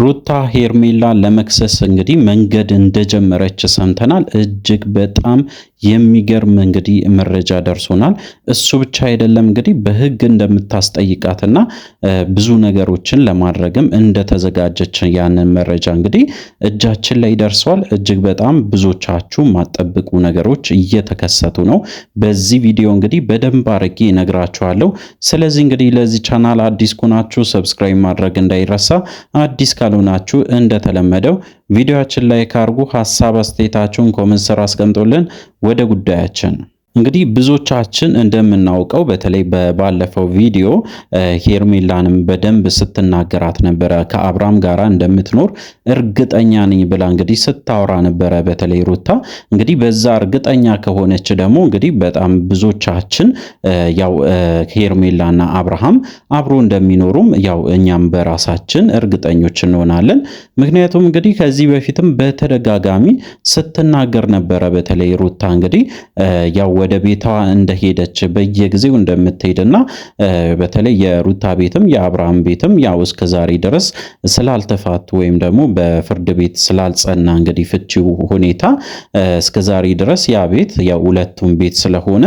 ሩታ ሄርሜላ ለመክሰስ እንግዲህ መንገድ እንደጀመረች ሰምተናል። እጅግ በጣም የሚገርም እንግዲህ መረጃ ደርሶናል። እሱ ብቻ አይደለም እንግዲህ በህግ እንደምታስጠይቃትና ብዙ ነገሮችን ለማድረግም እንደተዘጋጀች ያንን መረጃ እንግዲህ እጃችን ላይ ደርሷል። እጅግ በጣም ብዙቻችሁ ማጠብቁ ነገሮች እየተከሰቱ ነው። በዚህ ቪዲዮ እንግዲህ በደንብ አድርጌ እነግራችኋለሁ። ስለዚህ እንግዲህ ለዚህ ቻናል አዲስ ከሆናችሁ ሰብስክራይብ ማድረግ እንዳይረሳ፣ አዲስ ካልሆናችሁ እንደተለመደው ቪዲዮችን ላይክ አድርጉ። ሀሳብ አስተያየታችሁን ኮመንት ስር አስቀምጡልን። ወደ ጉዳያችን እንግዲህ ብዙዎቻችን እንደምናውቀው በተለይ ባለፈው ቪዲዮ ሄርሜላንም በደንብ ስትናገራት ነበረ። ከአብርሃም ጋራ እንደምትኖር እርግጠኛ ነኝ ብላ እንግዲህ ስታወራ ነበረ። በተለይ ሩታ እንግዲህ በዛ እርግጠኛ ከሆነች ደግሞ እንግዲህ በጣም ብዙዎቻችን ያው ሄርሜላና አብርሃም አብሮ እንደሚኖሩም ያው እኛም በራሳችን እርግጠኞች እንሆናለን። ምክንያቱም እንግዲህ ከዚህ በፊትም በተደጋጋሚ ስትናገር ነበረ። በተለይ ሩታ እንግዲህ ያው ወደ ቤቷ እንደሄደች በየጊዜው እንደምትሄድና በተለይ የሩታ ቤትም የአብርሃም ቤትም ያው እስከ ዛሬ ድረስ ስላልተፋቱ ወይም ደግሞ በፍርድ ቤት ስላልጸና እንግዲህ ፍቺው ሁኔታ እስከ ዛሬ ድረስ ያ ቤት የሁለቱም ቤት ስለሆነ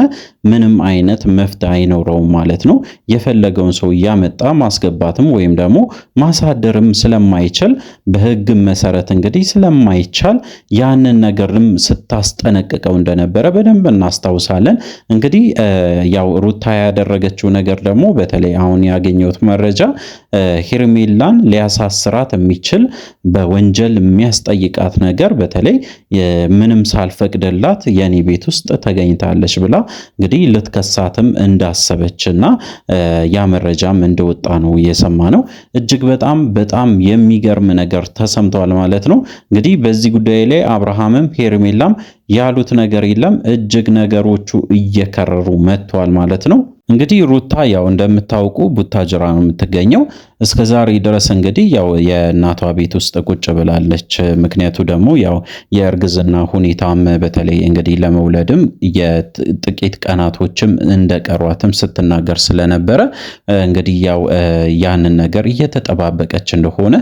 ምንም አይነት መፍትሄ አይኖረውም ማለት ነው። የፈለገውን ሰው እያመጣ ማስገባትም ወይም ደግሞ ማሳደርም ስለማይችል በህግም መሰረት እንግዲህ ስለማይቻል ያንን ነገርም ስታስጠነቅቀው እንደነበረ በደንብ እናስታውስ እናስታውሳለን። እንግዲህ ያው ሩታ ያደረገችው ነገር ደግሞ በተለይ አሁን ያገኘሁት መረጃ ሄርሜላን ሊያሳስራት የሚችል በወንጀል የሚያስጠይቃት ነገር በተለይ ምንም ሳልፈቅደላት የኔ ቤት ውስጥ ተገኝታለች ብላ እንግዲህ ልትከሳትም እንዳሰበችና ያ መረጃም እንደወጣ ነው እየሰማ ነው። እጅግ በጣም በጣም የሚገርም ነገር ተሰምቷል ማለት ነው። እንግዲህ በዚህ ጉዳይ ላይ አብርሃምም ሄርሜላም ያሉት ነገር የለም። እጅግ ነገሮቹ እየከረሩ መጥተዋል ማለት ነው። እንግዲህ ሩታ ያው እንደምታውቁ ቡታጅራ ነው የምትገኘው። እስከ ዛሬ ድረስ እንግዲህ ያው የእናቷ ቤት ውስጥ ቁጭ ብላለች። ምክንያቱ ደግሞ ያው የእርግዝና ሁኔታም በተለይ እንግዲህ ለመውለድም የጥቂት ቀናቶችም እንደቀሯትም ስትናገር ስለነበረ እንግዲህ ያው ያንን ነገር እየተጠባበቀች እንደሆነ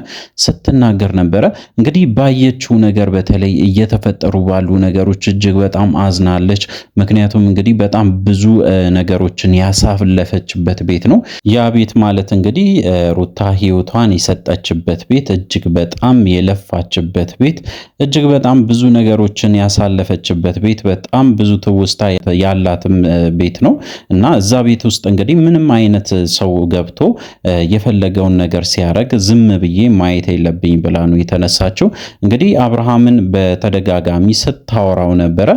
ስትናገር ነበረ። እንግዲህ ባየችው ነገር በተለይ እየተፈጠሩ ባሉ ነገሮች እጅግ በጣም አዝናለች። ምክንያቱም እንግዲህ በጣም ብዙ ነገሮችን ያሳለፈችበት ቤት ነው ያ ቤት ማለት እንግዲህ ወጥታ ህይወቷን የሰጠችበት ቤት፣ እጅግ በጣም የለፋችበት ቤት፣ እጅግ በጣም ብዙ ነገሮችን ያሳለፈችበት ቤት፣ በጣም ብዙ ትውስታ ያላትም ቤት ነው እና እዛ ቤት ውስጥ እንግዲህ ምንም አይነት ሰው ገብቶ የፈለገውን ነገር ሲያደርግ ዝም ብዬ ማየት የለብኝ ብላ ነው የተነሳችው። እንግዲህ አብርሃምን በተደጋጋሚ ስታወራው ነበረ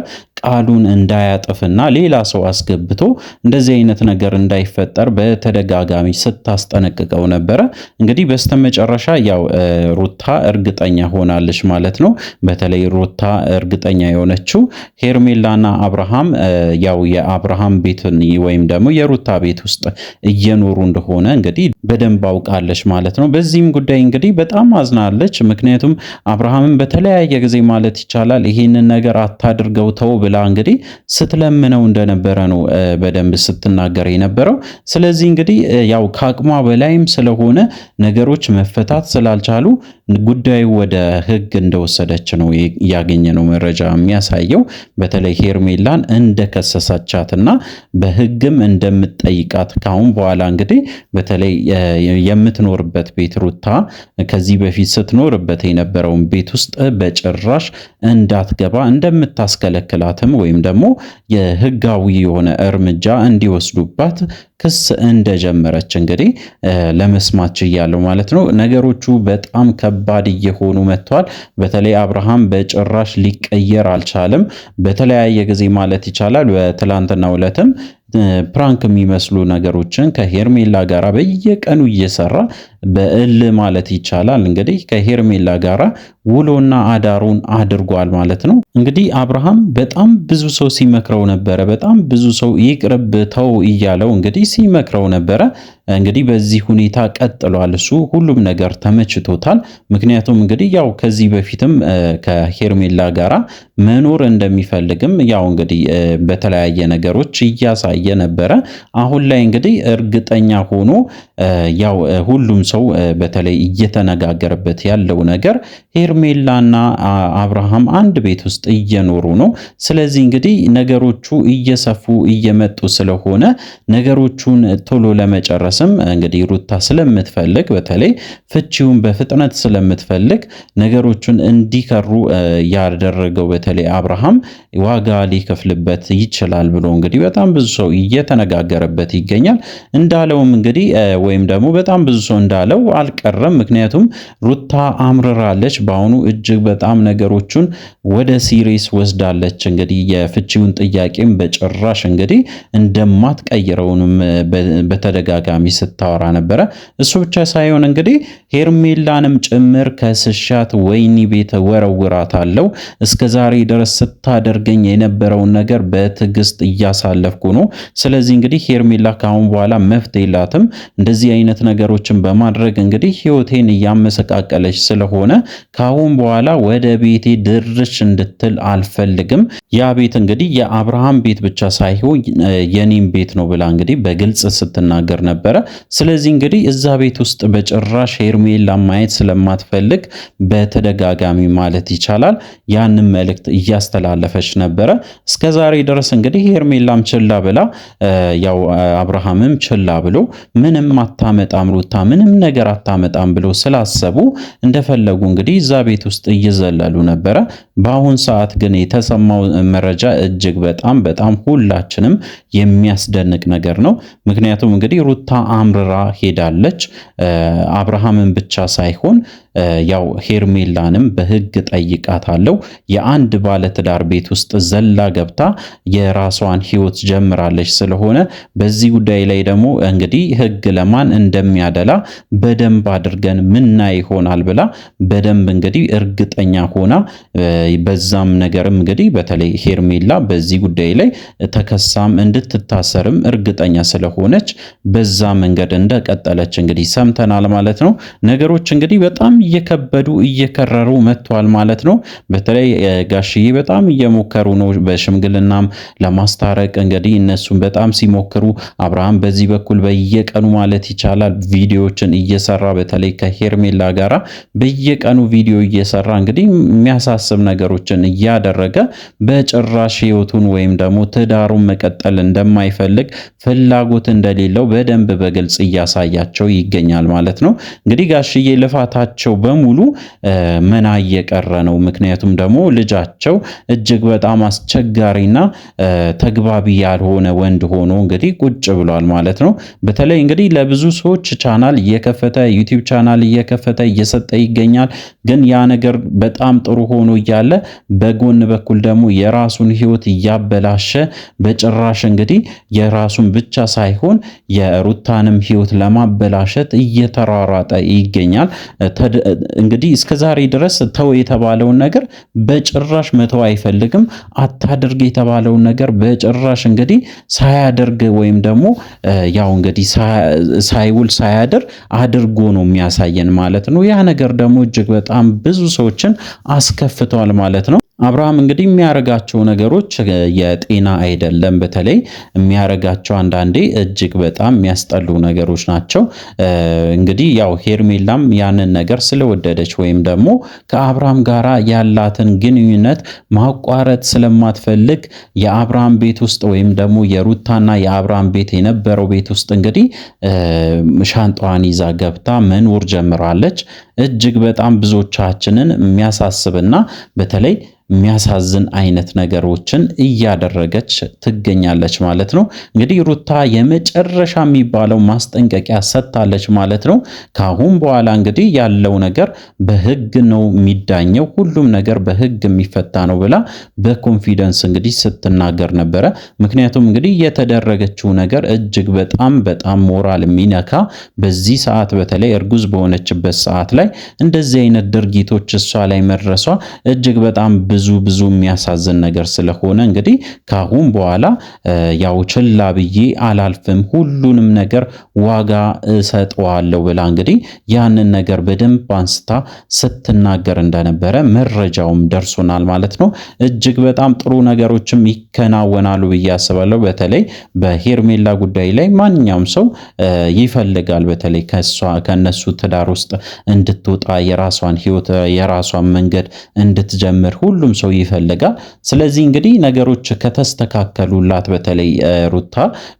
ቃሉን እንዳያጥፍና ሌላ ሰው አስገብቶ እንደዚህ አይነት ነገር እንዳይፈጠር በተደጋጋሚ ስታስጠነቅቀው ነበረ። እንግዲህ በስተመጨረሻ ያው ሩታ እርግጠኛ ሆናለች ማለት ነው። በተለይ ሩታ እርግጠኛ የሆነችው ሄርሜላና አብርሃም ያው የአብርሃም ቤትን ወይም ደግሞ የሩታ ቤት ውስጥ እየኖሩ እንደሆነ እንግዲህ በደንብ አውቃለች ማለት ነው። በዚህም ጉዳይ እንግዲህ በጣም አዝናለች። ምክንያቱም አብርሃምን በተለያየ ጊዜ ማለት ይቻላል ይህንን ነገር አታድርገው ተው ብላ እንግዲህ ስትለምነው እንደነበረ ነው በደንብ ስትናገር የነበረው። ስለዚህ እንግዲህ ያው ከአቅሟ በላይም ስለሆነ ከሆነ ነገሮች መፈታት ስላልቻሉ ጉዳዩ ወደ ህግ እንደወሰደች ነው ያገኘነው መረጃ የሚያሳየው። በተለይ ሄርሜላን እንደከሰሰቻትና በህግም እንደምትጠይቃት ካሁን በኋላ እንግዲህ በተለይ የምትኖርበት ቤት ሩታ ከዚህ በፊት ስትኖርበት የነበረውን ቤት ውስጥ በጭራሽ እንዳትገባ እንደምታስከለክላትም ወይም ደግሞ የህጋዊ የሆነ እርምጃ እንዲወስዱባት ክስ እንደጀመረች እንግዲህ ለመስማት ችያለሁ ማለት ነው። ነገሮቹ በጣም ከባድ እየሆኑ መጥተዋል። በተለይ አብርሃም በጭራሽ ሊቀየር አልቻለም። በተለያየ ጊዜ ማለት ይቻላል በትላንትናው ዕለትም ፕራንክ የሚመስሉ ነገሮችን ከሄርሜላ ጋር በየቀኑ እየሰራ በእል ማለት ይቻላል እንግዲህ ከሄርሜላ ጋራ ውሎና አዳሩን አድርጓል ማለት ነው። እንግዲህ አብርሃም በጣም ብዙ ሰው ሲመክረው ነበረ። በጣም ብዙ ሰው ይቅርብ ተው እያለው እንግዲህ ሲመክረው ነበረ። እንግዲህ በዚህ ሁኔታ ቀጥሏል። እሱ ሁሉም ነገር ተመችቶታል። ምክንያቱም እንግዲህ ያው ከዚህ በፊትም ከሄርሜላ ጋራ መኖር እንደሚፈልግም ያው እንግዲህ በተለያየ ነገሮች እያሳየ ነበረ። አሁን ላይ እንግዲህ እርግጠኛ ሆኖ ያው ሁሉም ሰው በተለይ እየተነጋገረበት ያለው ነገር ሄርሜላና አብርሃም አንድ ቤት ውስጥ እየኖሩ ነው። ስለዚህ እንግዲህ ነገሮቹ እየሰፉ እየመጡ ስለሆነ ነገሮቹን ቶሎ ለመጨረስም እንግዲህ ሩታ ስለምትፈልግ በተለይ ፍቺውን በፍጥነት ስለምትፈልግ ነገሮቹን እንዲከሩ ያደረገው በተለይ አብርሃም ዋጋ ሊከፍልበት ይችላል ብሎ እንግዲህ በጣም ብዙ ሰው እየተነጋገረበት ይገኛል። እንዳለውም እንግዲህ ወይም ደግሞ በጣም ብዙ ሰው እንዳለው አልቀረም። ምክንያቱም ሩታ አምርራለች። በአሁኑ እጅግ በጣም ነገሮቹን ወደ ሲሪስ ወስዳለች። እንግዲህ የፍቺውን ጥያቄም በጭራሽ እንግዲህ እንደማትቀይረውንም በተደጋጋሚ ስታወራ ነበረ። እሱ ብቻ ሳይሆን እንግዲህ ሄርሜላንም ጭምር ከስሻት ወይኒ ቤት ወረውራታለሁ። እስከ ዛሬ ድረስ ስታደርገኝ የነበረውን ነገር በትዕግስት እያሳለፍኩ ነው። ስለዚህ እንግዲህ ሄርሜላ ከአሁን በኋላ መፍትሄ የላትም እንደዚህ አይነት ነገሮችን በማ በማድረግ እንግዲህ ህይወቴን እያመሰቃቀለች ስለሆነ ከአሁን በኋላ ወደ ቤቴ ድርሽ እንድትል አልፈልግም። ያ ቤት እንግዲህ የአብርሃም ቤት ብቻ ሳይሆን የኔም ቤት ነው ብላ እንግዲህ በግልጽ ስትናገር ነበረ። ስለዚህ እንግዲህ እዛ ቤት ውስጥ በጭራሽ ሄርሜላ ማየት ስለማትፈልግ በተደጋጋሚ ማለት ይቻላል ያንን መልእክት እያስተላለፈች ነበረ። እስከ ዛሬ ድረስ እንግዲህ ሄርሜላም ችላ ብላ ያው አብርሃምም ችላ ብሎ ምንም አታመጣም ሩታ ምንም ምንም ነገር አታመጣም ብለው ስላሰቡ እንደፈለጉ እንግዲህ እዛ ቤት ውስጥ እየዘለሉ ነበረ። በአሁን ሰዓት ግን የተሰማው መረጃ እጅግ በጣም በጣም ሁላችንም የሚያስደንቅ ነገር ነው። ምክንያቱም እንግዲህ ሩታ አምርራ ሄዳለች። አብርሃምን ብቻ ሳይሆን ያው ሄርሜላንም በህግ አለው። የአንድ ባለትዳር ቤት ውስጥ ዘላ ገብታ የራሷን ህይወት ጀምራለች። ስለሆነ በዚህ ጉዳይ ላይ ደግሞ እንግዲህ ህግ ለማን እንደሚያደላ በደንብ አድርገን ምና ይሆናል ብላ በደንብ እንግዲህ እርግጠኛ ሆና በዛም ነገርም እንግዲህ በተለይ ሄርሜላ በዚህ ጉዳይ ላይ ተከሳም እንድትታሰርም እርግጠኛ ስለሆነች በዛ መንገድ እንደቀጠለች እንግዲህ ሰምተናል ማለት ነው። ነገሮች እንግዲህ በጣም እየከበዱ እየከረሩ መጥቷል ማለት ነው። በተለይ ጋሽዬ በጣም እየሞከሩ ነው። በሽምግልናም ለማስታረቅ እንግዲህ እነሱም በጣም ሲሞክሩ አብርሃም በዚህ በኩል በየቀኑ ማለት ይቻላል ቪዲዮዎችን እየሰራ በተለይ ከሄርሜላ ጋራ በየቀኑ ቪዲዮ እየሰራ እንግዲህ የሚያሳስብ ነገሮችን እያደረገ በጭራሽ ህይወቱን ወይም ደግሞ ትዳሩን መቀጠል እንደማይፈልግ ፍላጎት እንደሌለው በደንብ በግልጽ እያሳያቸው ይገኛል ማለት ነው። እንግዲህ ጋሽዬ ልፋታቸው በሙሉ መና እየቀረ ነው። ምክንያቱም ደግሞ ልጃቸው እጅግ በጣም አስቸጋሪና ተግባቢ ያልሆነ ወንድ ሆኖ እንግዲህ ቁጭ ብሏል ማለት ነው። በተለይ እንግዲህ ለብዙ ሰዎች ቻናል እየከፈተ ዩቲዩብ ቻናል እየከፈተ እየሰጠ ይገኛል። ግን ያ ነገር በጣም ጥሩ ሆኖ እያለ በጎን በኩል ደግሞ የራሱን ህይወት እያበላሸ በጭራሽ እንግዲህ የራሱን ብቻ ሳይሆን የሩታንም ህይወት ለማበላሸት እየተሯሯጠ ይገኛል። እንግዲህ እስከ ዛሬ ድረስ ተው የተባለውን ነገር በጭራሽ መተው አይፈልግም። አታድርግ የተባለውን ነገር በጭራሽ እንግዲህ ሳያደርግ ወይም ደግሞ ያው እንግዲህ ሳይውል ሳያድር አድርጎ ነው የሚያሳየን ማለት ነው። ያ ነገር ደግሞ እጅግ በጣም ብዙ ሰዎችን አስከፍቷል ማለት ነው። አብርሃም እንግዲህ የሚያረጋቸው ነገሮች የጤና አይደለም። በተለይ የሚያረጋቸው አንዳንዴ እጅግ በጣም የሚያስጠሉ ነገሮች ናቸው። እንግዲህ ያው ሄርሜላም ያንን ነገር ስለወደደች ወይም ደግሞ ከአብርሃም ጋር ያላትን ግንኙነት ማቋረጥ ስለማትፈልግ የአብርሃም ቤት ውስጥ ወይም ደግሞ የሩታና የአብርሃም ቤት የነበረው ቤት ውስጥ እንግዲህ ሻንጣዋን ይዛ ገብታ መኖር ጀምራለች። እጅግ በጣም ብዙዎቻችንን የሚያሳስብና በተለይ የሚያሳዝን አይነት ነገሮችን እያደረገች ትገኛለች ማለት ነው። እንግዲህ ሩታ የመጨረሻ የሚባለው ማስጠንቀቂያ ሰጥታለች ማለት ነው። ከአሁን በኋላ እንግዲህ ያለው ነገር በሕግ ነው የሚዳኘው፣ ሁሉም ነገር በሕግ የሚፈታ ነው ብላ በኮንፊደንስ እንግዲህ ስትናገር ነበረ። ምክንያቱም እንግዲህ የተደረገችው ነገር እጅግ በጣም በጣም ሞራል የሚነካ በዚህ ሰዓት በተለይ እርጉዝ በሆነችበት ሰዓት ላይ እንደዚህ አይነት ድርጊቶች እሷ ላይ መድረሷ እጅግ በጣም ብዙ ብዙ ብዙ የሚያሳዝን ነገር ስለሆነ እንግዲህ ከአሁን በኋላ ያው ችላ ብዬ አላልፍም፣ ሁሉንም ነገር ዋጋ እሰጠዋለሁ ብላ እንግዲህ ያንን ነገር በደንብ አንስታ ስትናገር እንደነበረ መረጃውም ደርሶናል ማለት ነው። እጅግ በጣም ጥሩ ነገሮችም ይከናወናሉ ብዬ አስባለሁ። በተለይ በሄርሜላ ጉዳይ ላይ ማንኛውም ሰው ይፈልጋል። በተለይ ከእሷ ከእነሱ ትዳር ውስጥ እንድትወጣ የራሷን ህይወት የራሷን መንገድ እንድትጀምር ሁሉ ሁሉም ሰው ይፈልጋል። ስለዚህ እንግዲህ ነገሮች ከተስተካከሉላት በተለይ ሩታ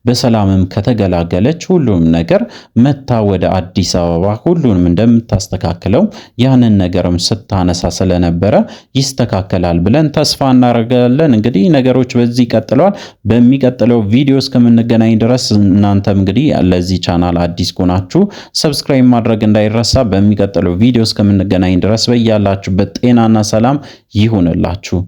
በሰላምም ከተገላገለች ሁሉም ነገር መታ ወደ አዲስ አበባ ሁሉንም እንደምታስተካክለው ያንን ነገርም ስታነሳ ስለነበረ ይስተካከላል ብለን ተስፋ እናደርጋለን። እንግዲህ ነገሮች በዚህ ቀጥለዋል። በሚቀጥለው ቪዲዮ እስከምንገናኝ ድረስ እናንተም እንግዲህ ለዚህ ቻናል አዲስ ሆናችሁ ሰብስክራይብ ማድረግ እንዳይረሳ። በሚቀጥለው ቪዲዮ እስከምንገናኝ ድረስ በያላችሁበት ጤናና ሰላም ይሁን። ትሆናላችሁ።